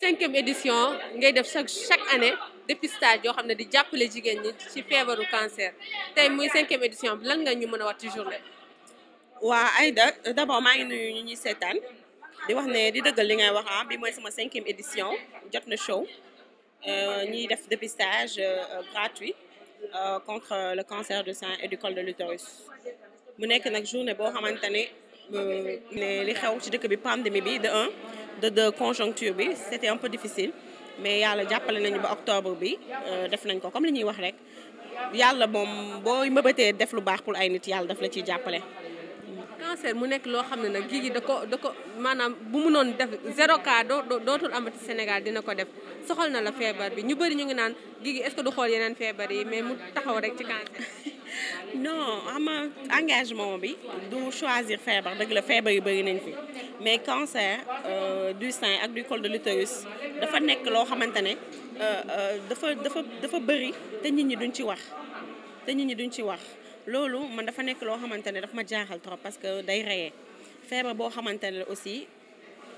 cinquième édition ngay def chaque chaque année dépistage yoo xam ne di jàppale jigéen ñi ci feebaru cancer tey muy cinquième édition bi lan nga ñu mën a wax ci journée. waa Aïda d'abord maa ngi nuyu ñu ñuy seetaan di wax ne di dëggal li ngay wax ah bi mooy sama cinquième édition jot na show euh, ñuy def dépistage euh, gratuit euh, contre le cancer du sein et du col de l'utérus mu nekk nag journée boo xamante ne li xew ci dëkk bi pandémie bi de un. de de conjoncture bi c'était un peu difficile mais yàlla jàppale nañu ba octobre bi euh, def nañ ko comme li ñuy wax rek yàlla moom booy mëbatee def lu baax pour ay nit yàlla daf la ciy jàppale. cancer mu nekk loo xam ne nag gii gi da ko da ko maanaam bu mu noon def zéro cas dootul amati Sénégal dina ko def soxal na la feebar bi ñu bëri ñu ngi naan gii gi est-ce que du xool yeneen feebar yi mais mu taxaw rek ci cancer. non xam engagement bi du choisir feebar dëgg la feebar yi bëri nañ fi mais cancer euh, du sein ak du col de l'utérus dafa nekk loo xamante ne euh, euh, dafa dafa dafa bëri te nit ñi duñ ci wax te nit ñi duñ ci wax loolu man dafa nekk loo xamante ne daf ma jaaxal trop parce que day reyee feebar boo xamante ne aussi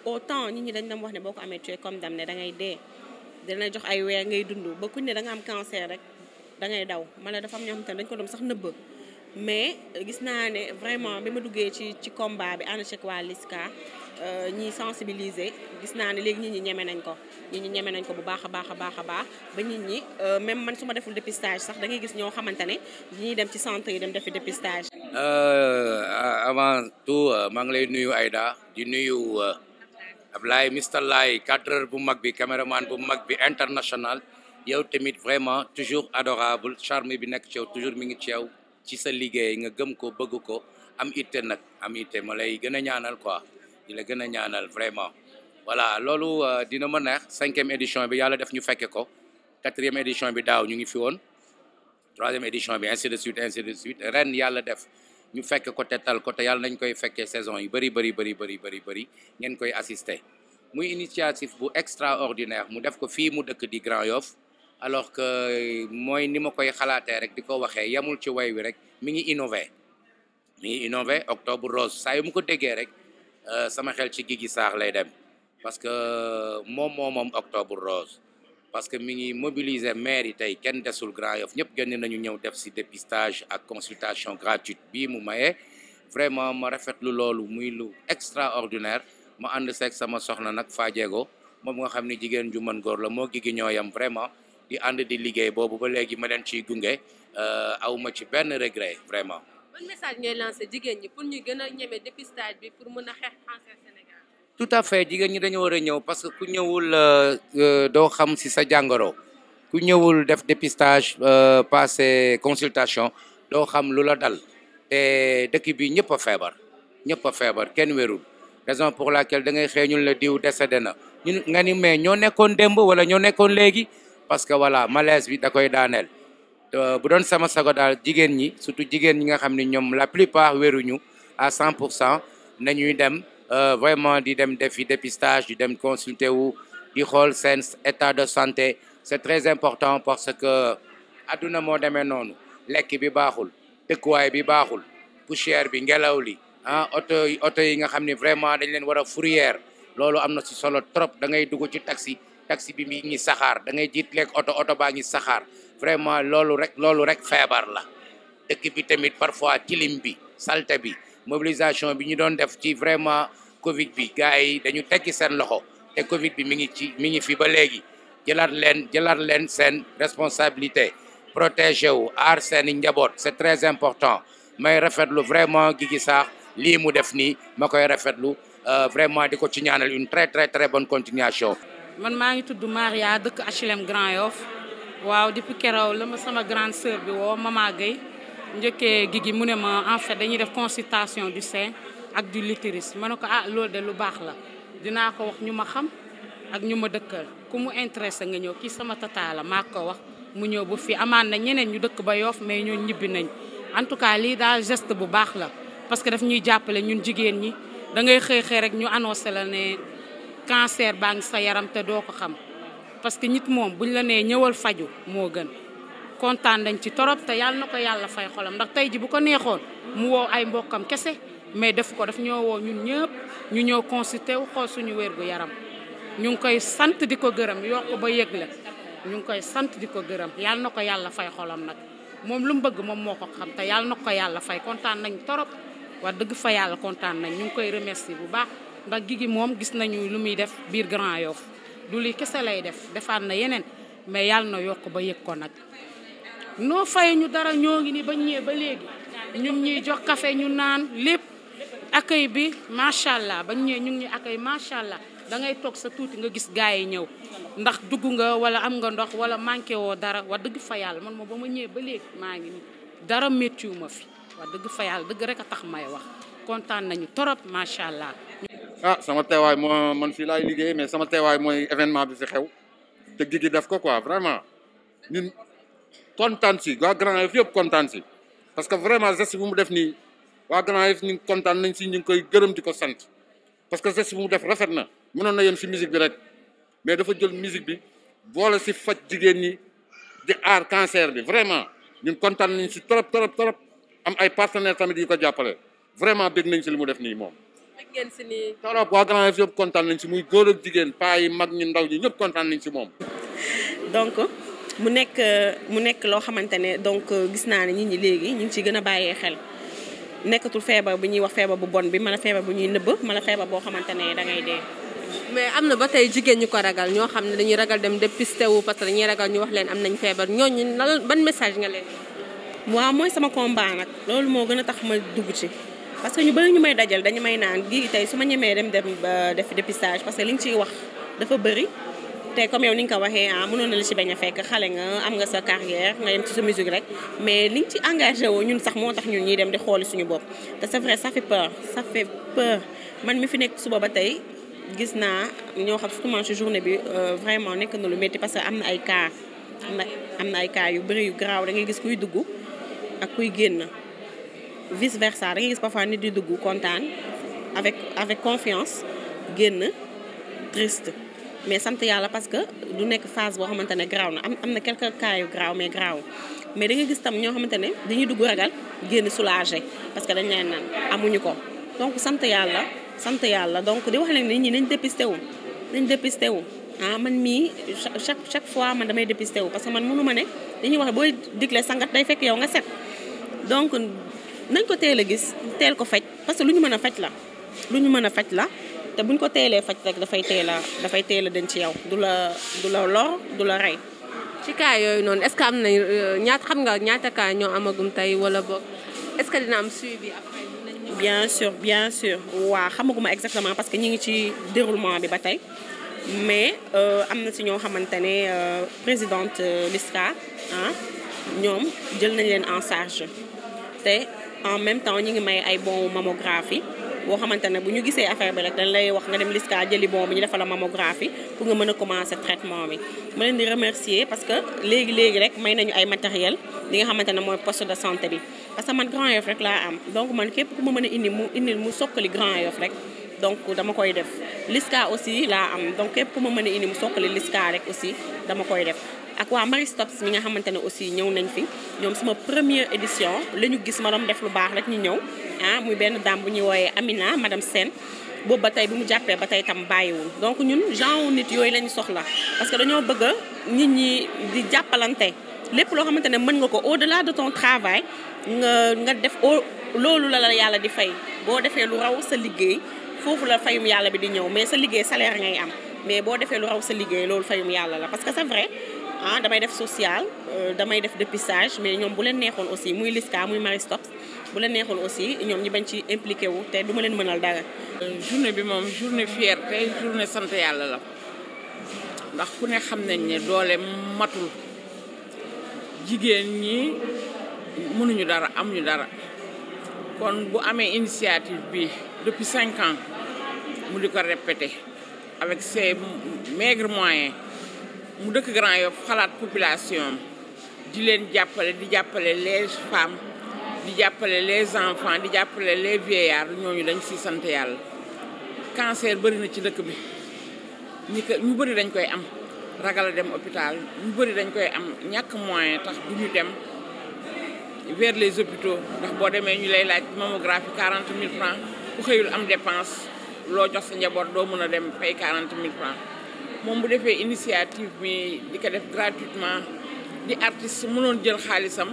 autant nit ñi dañ dem wax ne boo ko amee tu es comme dam ne da ngay dee dina jox ay weer ngay dund ba kuñ ne danga am cancer rek da daw ma ne dafa am ñoo xam dañ ko doon sax nëbb mais euh, gis naa ne vraiment bi ma duggee ci ci combat bi ànd ceeg waa Liska euh, ñi sensibiliser gis naa ne léegi nit ñi ñeme nañ ko nit ñi ñeme nañ ko bu baax a baax a baax a baax ba nit ñi euh, même man su ma deful dépistage sax da gis ñoo xamante ne ñuy dem ci centre yi dem defi dépistage. avant tout maa ngi lay nuyu Aïda di nuyu Ablaye Mister Laye cadreur bu mag bi caméraman bu mag bi international. yow tamit vraiment toujours adorable charme bi nekk ci yow toujours mi ngi ci ci sa liggéey nga gëm ko bëgg ko am itte nag am itte ma lay gën a ñaanal quoi di la gën a ñaanal vraiment voilà loolu euh, dina ma neex cinquième édition bi yàlla def ñu fekke ko quatrième édition bi daaw ñu ngi fi woon troisième édition bi ainsi de suite ainsi de suite ren yàlla def ñu fekk ko tetal ko te yàlla nañ koy fekkee saison yi bëri bëri bëri bëri bëri bëri ngeen koy assister muy initiative bu extraordinaire mu def ko fii mu dëkk di Grand alors que euh, mooy ni ma koy xalaatee rek di ko waxee yamul ci way wi rek mi ngi innové mi ngi innové octobre rose saa yu mu ko déggee rek euh, sama xel ci Guigui Sarr lay dem parce que euh, moom moo moom octobre rose parce que mi ngi mobiliser maire yi tey kenn desul Grand Yoff ñëpp génn nañu ñëw def si dépistage ak consultation gratuite bii mu maye vraiment ma rafetlu loolu muy lu extraordinaire ma ànd seeg sama soxna nag faajeego moom nga xam ni jigéen ju mën góor la moo Guigui ñooyam vraiment di ànd di liggéey boobu ba léegi ma leen gunge euh, aw ma ci benn regret vraiment. ban message ngay lancé jigéen ñi pour ñu gën a ñeme dépistage bi pour mën a xeex cancer Sénégal. tout à fait jigéen ñi dañu war a ñëw parce que ku ñëwul euh, euh, doo xam si sa jàngoro ku ñëwul def dépistage passé consultation doo xam lu la dal te dëkk bi ñëpp a feebar ñëpp a feebar kenn wérul raison pour laquelle diw décédé nga ni mais ñoo nekkoon démb wala ñoo nekkoon léegi. parce que voilà malaise bi da koy daaneel euh, bu doon sama sago daal jigéen ñi surtout jigéen ñi nga xam ne ñoom la plupart wéruñu à cent pour cent nañuy dem euh, vraiment di dem defi dépistage di dem consulter wu di xool seen état de santé c'est très important parce que adduna moo demee noonu lekk bi baaxul dëkkuwaay bi baaxul poussière bi ngelaw li ah oto oto yi nga xam ni vraiment dañ leen war a fourrière loolu am na ci solo trop da ngay dugg ci taxi taxi bi mi ngi saxaar dangay jiit lekk oto oto baa ngi saxaar vraiment loolu rek loolu rek feebar la dëkk bi tamit parfois tilim bi salte bi mobilisation bi ñu doon def ci vraiment covid bi gars yi dañu tekki seen loxo te covid bi mi ngi ci mi ngi fi ba léegi jëlaat leen jëlaat leen seen responsabilité protéger wu aar seen i njaboot c'est très important may rafetlu vraiment gigi sax lii mu def nii ma koy rafetlu euh, vraiment di ko ci ñaanal une très très très bonne continuation man maa ngi tudd Maria dëkk HLM Grand Yoff waaw depuis keroog la ma sama grande sœur bi woo Mama Gueye njëkkee gi gi mu ne ma en fait dañuy def consultation du seen ak du l'utérus ma ne ko ah lool de lu baax la dinaa ko wax ñu ma xam ak ñu ma dëkkal ku mu intéressé nga ñëw kii sama tata la maa ko wax mu ñëw ba fii amaan na ñeneen ñu dëkk ba yoof mais ñoo ñibbi nañ en tout cas lii daal geste bu baax la parce que daf ñuy jàppale ñun jigéen ñi da ngay xëy xëy rek ñu annoncé cancer baa ngi sa yaram te doo ko xam parce que nit moom ñu la nee ñëwal faju moo gën kontaan dañ ci torop te yàlla na ko yàlla fay xolam ndax tey ji bu ko neexoon mu woo ay mbokkam kese mais def ko daf ñoo woo ñun ñëpp ñu ñëw consulté wu xool suñu wér yaram ñu ngi koy sant di ko gërëm yokk ba yëg la ñu ngi koy sant di ko gërëm yàlla na ko yàlla fay xolam nag moom lu bëgg moom moo ko xam yàlla na ko yàlla fay kontaan nañ torop wax dëgg fa yàlla kontaan nañ ñu ngi koy remercier bu baax ndax gi moom gis nañu lu muy def biir Grand Yoff du li kese lay def defaat na yeneen mais yàlla na yokk ba yëg ko nag noo fay ñu dara ñoo ngi ni ba ñëwee ba léegi ñu ñuy jox kafe ñu naan lépp accueil bi macha allah ba ñëwee ñu ngi ñuy accueil macha allah dangay ngay toog sa tuuti nga gis gars yi ñëw ndax dugg nga wala am nga ndox wala manqué woo dara wax dëgg fa yàlla man moom ba ma ñëwee ba léegi maa ngi ni dara méttiwu fi wax dëgg fa yàlla dëgg rek a tax may wax kontaan ah sama teewaay moo man fii laay liggéey mais sama teewaay mooy événement bi fi xew te Guigui def ko quoi vraiment ñun kontaan si waa Grand Yoff yëpp kontaan si parce que vraiment geste bu mu def nii waa Grand Yoff ñu kontaan nañ si ñu ngi koy gërëm di ko sant parce que geste bu mu def rafet na mënoon na yem si musique bi rek mais dafa jël musique bi boole si faj jigéen ñi di aar cancer bi vraiment ñun kontaan nañ si trop trop trop am ay partenaires tamit yu ko jàppale vraiment bég nañ si li mu def nii moom dégg ngeen si nii. torop waa Grand Yoff yëpp kontaan nañ si muy góor ak jigéen paa yi mag ñi ndaw ñi ñëpp kontaan nañ ci moom. donc mu nekk mu nekk loo xamante ne donc gis naa ne nit ñi léegi ñu ngi ciy gën a bàyyee xel nekkatul feebar bi ñuy wax feebar bu bon bi a feebar bu ñuy nëbb mala feebar boo xamante ne da dee. mais am na ba tey jigéen ñu ko ragal ñoo xam ne dañuy ragal dem dépisté wu parce que dañuy ragal ñu wax leen am nañ feebar ñooñu lan ban message nga leen. mooy sama combat nag loolu moo gën a tax ma dugg ci. parce que ñu bëri ñu may dajal dañu may naan gi tey su ma ñemee dem dem ba def dépistage parce que li nga ciy wax dafa bëri te comme yow ni nga ko waxee ah mënoon na la ci bañ a fekk xale nga am nga sa carrière nga yem ci sa musique rek mais li nga ci engagé woo ñun sax moo tax ñun ñuy dem di xooli suñu bopp te c'est vrai ça fait peur ça fait peur man mi fi nekk suba ba tey gis naa ñoo xam surtout ci journée bi euh, vraiment nekk na lu métti parce que am na ay cas am na am na ay cas yu bëri yu garaaw da ngay gis kuy dugg ak kuy génn vice versa da ngay gis parfois nit di dugg kontaan avec avec confiance génn triste mais sant yàlla parce que du nekk phase boo xamante ne graaw na am am na quelques cas yu mais graw mais da nga gis tam ñoo xamante ne dañuy dugg ragal génn soulagé parce que dañ leen naan amuñu ko donc sant yàlla sant yàlla donc di wax leen nit ñi nañ dépisté wu nañ dépisté wu ah man mii chaque chaque fois man damay dépisté parce que man mënu ma ne dañuy wax booy digle sangat day fekk yow nga set donc nañ ko teel a gis teel ko faj parce que lu ñu mën a faj la lu ñu mën a faj la te buñ ko teelee faj rek dafay teel a dafay teel a dem ci yow du la du la lor du la rey. ci cas yooyu noonu est-ce que am na euh, ñaata xam nga ñaata cas ñoo amagum tey wala boog est-ce que dina am suivi après. bien sûr bien sûr waaw xamaguma exactement parce que ñi ngi ci déroulement bi ba tey mais euh, am na ci ñoo xamante ne euh, présidente LISCA ah ñoom jël nañ leen en charge. te en même temps ñu ngi may ay bon mammographie boo xamante ne bu ñu gisee affaire bi rek dañ lay wax nga dem Lisca jëli bon bi ñu defal la mammographie pour nga mën a commencer traitement bi. ma leen di remercier parce que léegi léegi rek may nañu ay matériel li nga xamante ne mooy poste de santé bi parce que man Grand Yoff rek laa am donc man képp ku ma mën a indi mu indil mu sokkali Grand Yoff rek. donc dama koy def liska aussi laa am donc képp ku ma mën indi mu sokkali Lisca rek aussi dama koy def. ak waa Marie Stopes mi nga xamante ne aussi ñëw nañ fi ñoom suma première édition la ñu gis ma doon def lu baax rek ñu ñëw ah muy benn dame bu ñuy wooyee Amina madame Sène boobu ba tey bu mu jàppee ba tey tam bàyyiwul donc ñun genre nit yooyu la ñu soxla parce que dañoo bëgg a nit ñi di jàppalante lépp loo xamante ne mën nga ko au delà de ton travail nga nga def au loolu la la yàlla di fay boo defee lu raw sa liggéey foofu la fayum yàlla bi di ñëw mais sa liggéey salaire ngay am mais boo defee lu raw liggéey loolu fayum yàlla la parce que c'est vrai ah damay def social euh, damay def dépistage mais ñoom bu leen neexoon aussi muy Liska muy Marie Stopes bu leen neexoon aussi ñoom ñi bañ ci impliqué wu te duma ma leen mënal dara. Euh, journée bi moom journée fierté journée sant yàlla la ndax ku ne xam nañ ne doole matul jigéen ñi mënuñu dara amuñu dara kon bu amee initiative bi depuis cinq ans mu di ko répété avec ses maigres moyens. mu dëkk Grand Yoff xalaat population di leen jàppale di jàppale les femmes di jàppale les enfants di jàppale les vieillards ñooñu dañ si sant yàlla cancer bëri ci dëkk bi ñi ko ñu bëri dañ koy am ragal dem hôpital ñu bëri dañ koy am ñàkk moyen tax du dem vers les hôpitaux ndax boo demee ñu lay laaj mammographie quarante mille francs ku xëyul am depanse loo jox sa njaboot doo mën a dem fay quarante mille francs moom bu defee initiative bi di ko def gratuitement di artiste mënoon jël xaalisam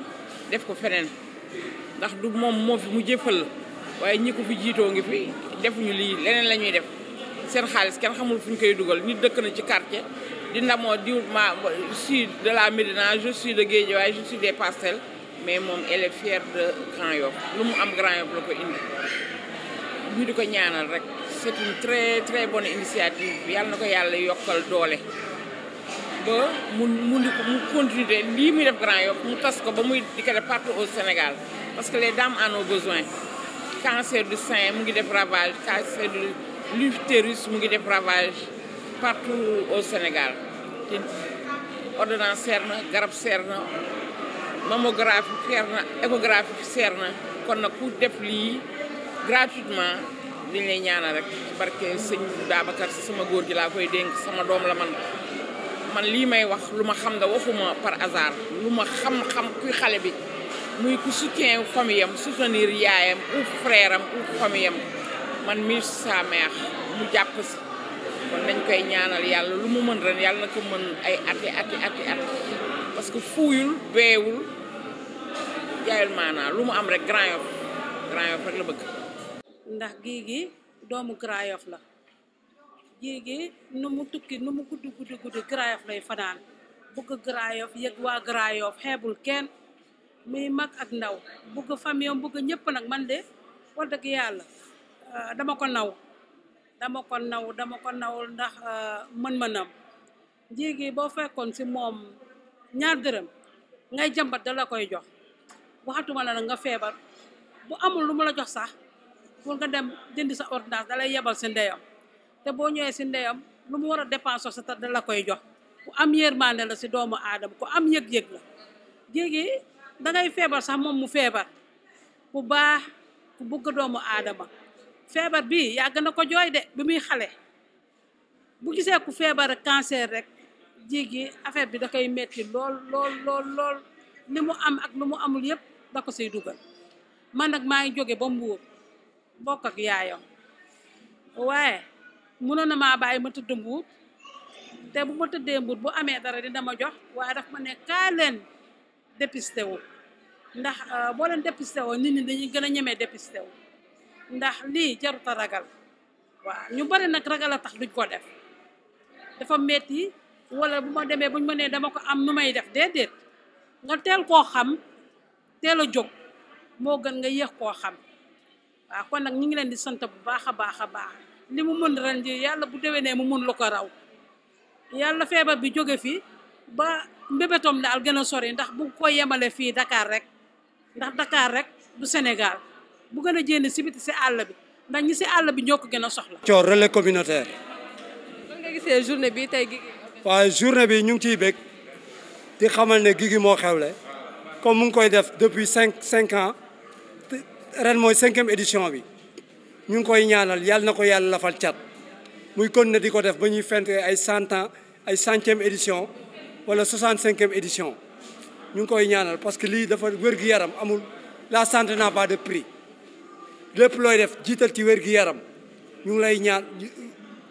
def ko feneen ndax du moom moo fi mu jëfal waaye ñii ko fi jiitoo ngi fi defuñu lii leneen la ñuy def seen xaalis kenn xamul fu ñu koy dugal nit dëkk na ci quartier di ndamoo di ma suis de la Médina je suis de Guédiawaye je suis des Parcelles mais moom elle est fière de Grand Yoff lu mu am Grand Yoff la ko indi ñu di ko ñaanal rek c'est une très très bonne initiative yàlla na ko yàlla yokkal doole ba mu mu mu continuer lii muy def Grand Yoff mu tas ko ba muy di ko def partout au Sénégal parce que les dames en ont besoin cancer du sein mu ngi def ravage cancer du l'utérus mu ngi def ravage partout au Sénégal te ordonnance na garab seer na mammographie seer na échographie seer na kon nag ku def lii gratuitement dañ lay ñaanal rek barke sëñ Babacar si sama góor gi laa koy dénk sama doom la man man lii may wax lu ma xam nga waxuma par hasard lu ma xam-xam kuy xale bi muy ku soutien famille am soutenir yaayam ou frère am ou famille man mi sa mère mu jàpp si kon nañ koy ñaanal yàlla lu mu mën ren yàlla na ko mën ay ati ati ati at que fuuyul beewul jaayul maanaa lu mu am rek Grand Yoff Grand Yoff rek la bëgg ndax gii gi doomu Grand la gii gi nu mu tukki nu mu guddi guddi guddi lay fanaan bugg Grand Yoff yëg waa Grand Yoff xeebul kenn muy mag ak ndaw bugg famille am bugg ñëpp nag man de wax dëgg yàlla euh, dama ko naw dama ko naw dama ko nawul ndax euh, mën-mënam jii gi boo fekkoon si moom ñaar dërëm ngay jàmbat dala koy jox waxatuma la nag nga feebar bu amul lu mu la jox sax pour nga dem jënd sa ordonnance dalay yebal si ndeyam te boo ñëwee si ndeyam lu mu war a dépensé sa ta da la koy jox ku am yërmande la si doomu aadama ku am yëg-yëg la jéegi da ngay feebar sax moom mu feebar ku baax ku bëgg doomu aadama feebar bi yàgg na ko jooy de bi muy xale bu gisee ku feebar cancer rek jéegi affaire bi da koy metti lool lool lool lool mu am ak lu mu amul yëpp da ko siy man nag maa ngi ba mbuur bokk ak yaayam waaye mënoon na maa bàyyi ma tëdd mbuut te bu ma tëddee mbuut bu amee dara di dama jox waaye daf ma ne kaa leen dépisté ndax euh, boo leen dépisté woo nit ñi dañuy gën a ñemee dépisté wu ndax lii jarut ragal waaw ñu bari nag ragal a tax duñ ko def dafa metti wala bu ma demee buñ ma nee dama ko am nu may def déedéet nga teel koo xam teel a jóg moo gën nga yéex koo xam waaw kon nag ñu ngi leen di sant bu baax a baax a baax ni mu mën ren ji yàlla bu déwénee mu mën la ko raw yàlla feebar bi jóge fi ba mbébétoom daal gën a sori ndax bu ko yemale fii Dakar rek ndax Dakar rek du Sénégal bu gën a jénn si biti si àll bi ndax ñi si àll bi ñoo ko gën a soxla. Thior relais communautaire. lan journée bi tey Guigui. waaw journée bi ñu ngi ciy bég di xamal ne Guigui moo xewle comme mu ngi koy def depuis cinq cinq ans. ren mooy cinquième édition bi ñu ngi koy ñaanal yàlla na ko yàlla lafal cat muy continuer di ko def ba ñuy fent ay cent ans ay centième édition wala soixante cinquième édition ñu ngi koy ñaanal parce que lii dafa wér-gu-yaram amul la santé n'a pas de prix lépp looy def jiital ci wér-gu-yaram ñu ngi lay ñaan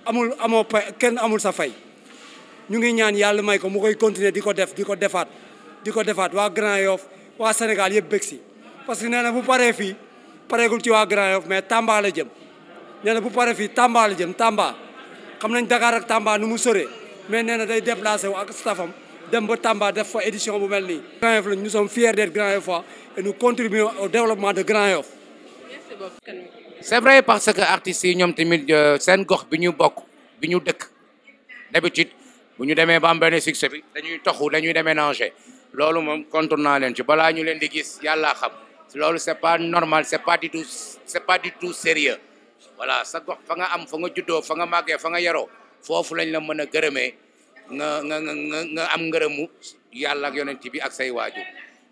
amul amoo kenn amul sa fay ñu ngi ñaan yàlla may ko mu koy continuer di ko def di ko defaat di ko defaat waa Grand yoof waa Sénégal yëpp bëgg si parce que nee bu paree pare pareegul ci waa Grand Yoff mais Tamba la jëm nee na bu pare fii Tamba la jëm Tamba xam nañ Dakar ak Tamba nu mu sore mais nee na day déplacé wu ak staffam dem ba Tamba def fa édition bu mel nii. Grand Yoff lañ nous sommes fiers d'être Grand Yoffois et nous contribuons au développement de Grand Yoff. c'est vrai parce que artistes yi ñoom tamit euh, seen gox bi ñu bokk bi ñu dëkk d'habitude bu ñu demee ba am benn succès bi dañuy toxu dañuy déménager loolu moom kontur naa leen ci balaa ñu leen di gis yàlla xam. loolu c'est pas normal c'est pas du tout c'est pas du tout sérieux voilà sa gox fa nga am fa nga juddoo fa nga màggee fa nga yaroo foofu lañ la mën a gërëmee nga nga nga nga am ngërëmu yàlla ak yonent bi ak say waajur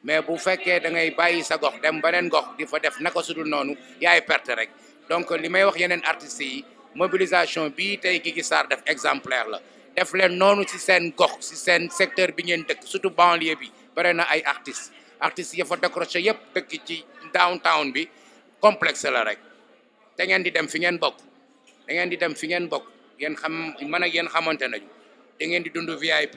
mais bu fekkee da ngay bàyyi sa gox dem beneen gox di fa def naka sudul noonu yaay perte rek donc li may wax yeneen artistes yi mobilisation bi tey Guigui Sarr def exemplaire la def leen noonu ci seen gox si seen secteur bi ngeen dëkk surtout banlieue bi bare na ay artistes artistes ya fa décroché yëpp dëkk ci downtown bi complexe la rek te ngeen di dem fi ngeen bokk da ngeen di dem fi ngeen bokk ngeen xam man ak yéen xamante nañu da ngeen di dund VIP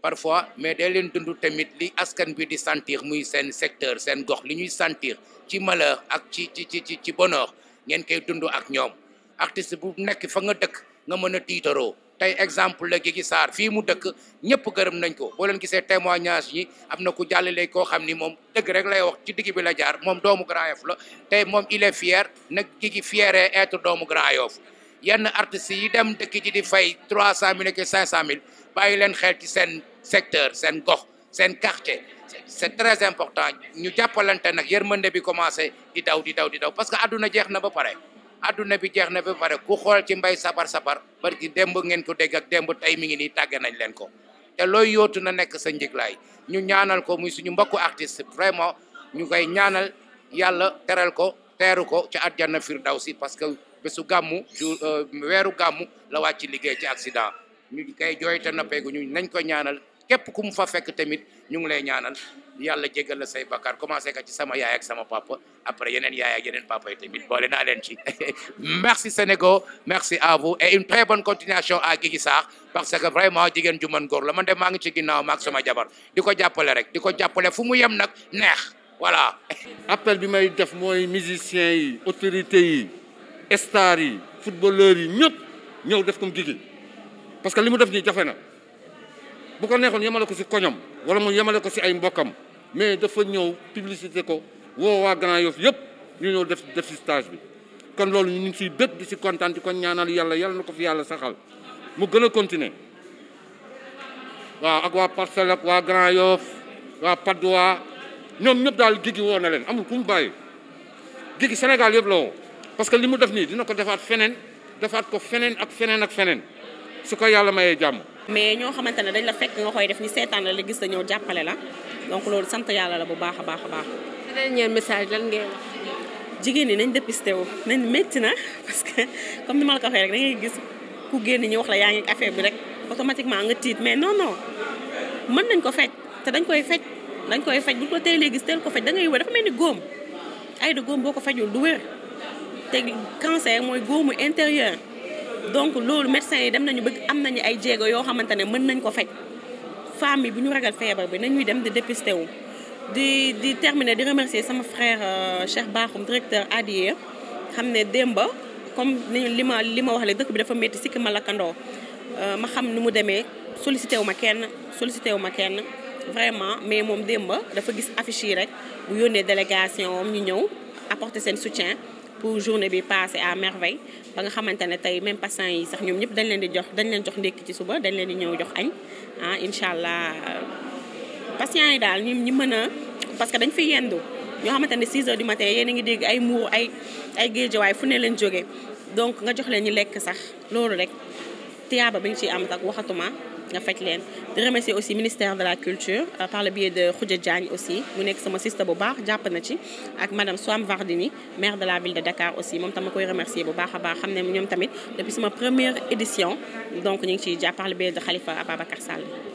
parfois mais day leen dundu tamit li askan bi di sentir muy seen secteur seen gox li ñuy santir ci malheur ak ci ci ci ci bonheur ngeen koy dund ak ñoom artiste bu nekk fa nga dëkk nga mën a tiitaroo tey exemple la gi saar fii mu dëkk ñëpp gërëm nañ ko boo leen gisee témoignage yi am na ku jàllale koo xam ni moom dëgg rek lay wax ci digg bi la jaar moom doomu Grand Yoff la tey moom il est fier nag Guigui fier être doomu Grand Yoff yenn artistes yi dem dëkk ji di fay trois cent mille ak cinq mille bàyyi leen xel ci seen secteur seen gox seen quartier c'est très important ñu jàppalante nag yërmande bi commencé di daw di daw di daw parce que adduna jeex na ba pare adduna bi jeex na ba pare ku xool ci mbay sabar sabar barki démb ngeen ko dégg ak démb tey mi ngi nii tàgge nañ leen ko te looy yootu na nekk sa njeglaay ñu ñaanal ko muy suñu mbokku artiste vraiment ñu koy ñaanal yàlla teral ko teeru ko ci adjana àjjana firdawsi parce que bésu gàmmu jour euh, weeru gàmmu la wàcc liggéey ci accident ñu koy jooy te nappeegu ñu nañ ko ñaanal képp ku mu fa fekk tamit ñu ngi lay ñaanal yàlla jégal la say bakkaar commencé ka ci sama yaay ak sama papa après yeneen yaay ak yeneen papa yi tamit boole naa leen ci merci Sénégal merci à vous et une très bonne continuation à Guigui Sarr parce que vraiment jigéen ju mën góor la man de maa ngi ci ginnaaw maak sama jabar di ko jàppale rek di ko jàppale fu mu yem nag neex voilà. appel bi may def mooy musiciens yi autorités yi stars yi footballeurs yi ñëpp ñëw def comme Guigui parce que li mu def nii jafe na bu ko neexoon yemale ko si koñom wala si ay mbokkam mais dafa ñëw publicité ko woo waa Grand Yoff yëpp ñu ñëw def def si stage bi kon loolu ñu ngi siy bët di si kontaan di ko ñaanal yàlla yàlla na ko fi yàlla saxal mu gën a continuer waaw ak waa Parcelles ak waa Grand Yoff waa Patte d'Oie ñoom ñëpp daal Guigui woo na leen amul ku mu bàyyi Guigui Sénégal yëpp la woo parce que li mu def nii dina ko defaat feneen defaat ko feneen ak feneen ak feneen su ko yàlla mayee jàmm mais ñoo xamante ne dañ la fekk nga koy def ni seetaan la la gis la ñëw jàppale la donc loolu sant yàlla la bu baax a baax a baax. message lan ngay jigéen ñi nañ dépisté wu nañ métti na parce que comme ni ma la ko waxee rek da gis ku génn ñu wax la yaa ngi affaire bi rek automatiquement nga tiit mais non non mën nañ ko faj te dañ koy faj dañ koy faj bu ko teelee gis teel ko faj da ngay wér dafa mel ni góom ay de góom boo ko fajul du wér te cancer mooy góomu intérieur. donc loolu médecins yi dem nañu bëgg am nañu ay jéego yoo xamante ne mën nañ ko faj femme yi bu ñu ragal feebar bi nañuy dem di dépister wu. di di terminer di remercier sama frère euh, Cheikh Bakhoum directeur ADIE xam ne démba comme li ma li ma wax le dëkk bi dafa métti sikki ma lakkandoo euh, ma xam ni mu demee sollicité wu ma kenn sollicité wu ma kenn vraiment mais moom démba dafa gis affiche rek bu yónnee délégation am ñu ñëw apporter seen soutien pour journée bi passé à merveille ba nga xamante ne tey même patient yi sax ñoom ñëpp dañ leen di jox dañ leen jox ndékki ci suba dañ leen di ñëw jox añ ah incha allah euh, patient yi daal ñu ñu mën a parce que dañ fi yendu ñoo xamante ne 6 heures du matin yéen a ngi dégg ay muur ay ay géejawaay fu ne leen jógee donc nga jox leen ñi lekk sax loolu rek tiyaaba bi nga ciy am ak waxatuma nga faj leen di remercier aussi ministère de la culture euh, par le biais de Khoudia Diagne aussi mu nekk sama sista bu baax jàpp na ci ak madame Soham Wardini maire de la ville de Dakar aussi moom tam ma koy remercier bu baax a baax xam ne ñoom tamit depuis sama première édition donc ñu ngi ciy jàpp par le biais de Khalifa Ababacar Sall